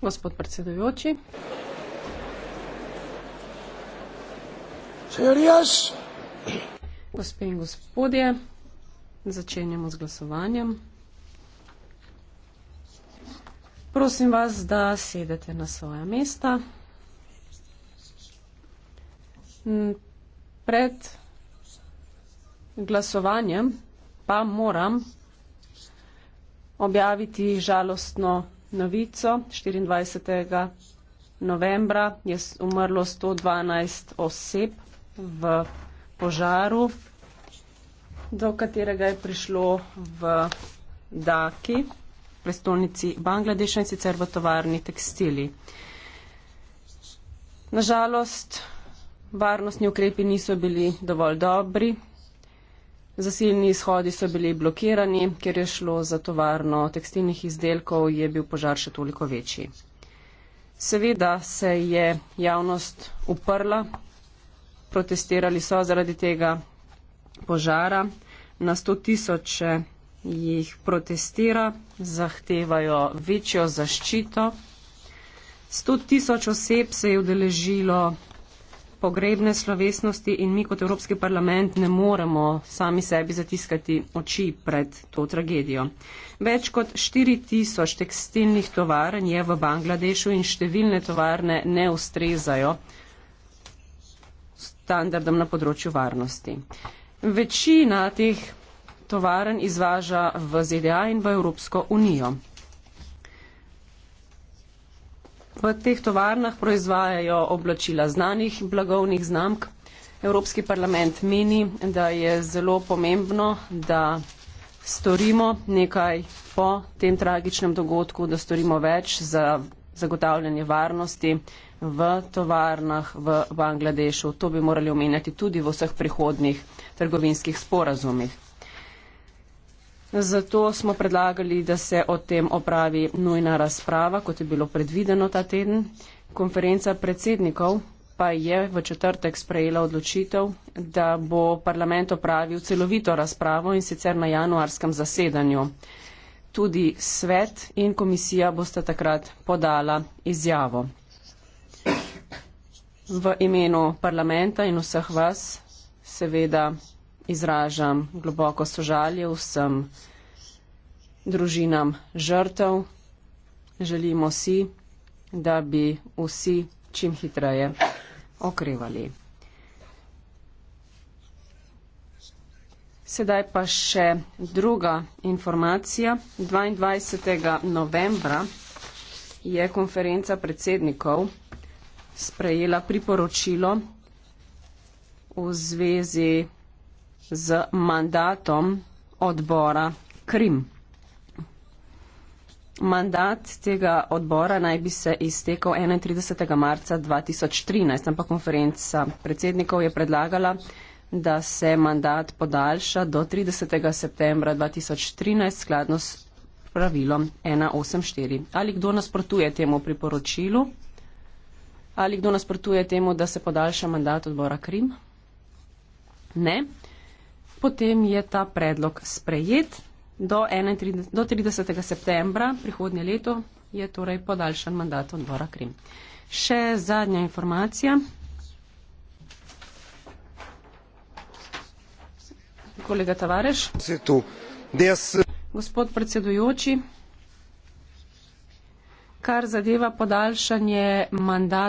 Gospod predsedujoči. Señorías. Gospe in gospodje, začenjamo z glasovanjem. Prosim vas, da sedete na svoja mesta. Mm, pred glasovanjem pa moram objaviti žalostno novico 24. novembra je umrlo 112 oseb v požaru, do katerega je prišlo v Daki, prestolnici Bangladeša in sicer v tovarni tekstili. Nažalost, varnostni ukrepi niso bili dovolj dobri, Zasilni izhodi so bili blokirani, ker je šlo za tovarno tekstilnih izdelkov, je bil požar še toliko večji. Seveda se je javnost uprla, protestirali so zaradi tega požara. Na 100 tisoče jih protestira, zahtevajo večjo zaščito. 100 tisoč oseb se je udeležilo pogrebne slovesnosti in mi kot Evropski parlament ne moremo sami sebi zatiskati oči pred to tragedijo. Več kot 4000 tekstilnih tovarn je v Bangladešu in številne tovarne ne ustrezajo standardom na področju varnosti. Večina teh tovarn izvaža v ZDA in v Evropsko unijo. V teh tovarnah proizvajajo oblačila znanih blagovnih znamk. Evropski parlament meni, da je zelo pomembno, da storimo nekaj po tem tragičnem dogodku, da storimo več za zagotavljanje varnosti v tovarnah v Bangladešu. To bi morali omenjati tudi v vseh prihodnih trgovinskih sporazumih. Zato smo predlagali, da se o tem opravi nujna razprava, kot je bilo predvideno ta teden. Konferenca predsednikov pa je v četrtek sprejela odločitev, da bo parlament opravil celovito razpravo in sicer na januarskem zasedanju. Tudi svet in komisija boste takrat podala izjavo. V imenu parlamenta in vseh vas seveda izražam globoko sožalje vsem družinam žrtev. Želimo si, da bi vsi čim hitreje okrevali. Sedaj pa še druga informacija. 22. novembra je konferenca predsednikov sprejela priporočilo v zvezi z mandatom odbora Krim. Mandat tega odbora naj bi se iztekel 31. marca 2013, ampak konferenca predsednikov je predlagala, da se mandat podaljša do 30. septembra 2013 skladno s pravilom 184. Ali kdo nasprotuje temu priporočilu? Ali kdo nasprotuje temu, da se podaljša mandat odbora Krim? Ne potem je ta predlog sprejet do, 31, do 30. septembra prihodnje leto je torej podaljšan mandat odbora Krim. Še zadnja informacija. Kolega Tavareš. Gospod predsedujoči, kar zadeva podaljšanje mandata.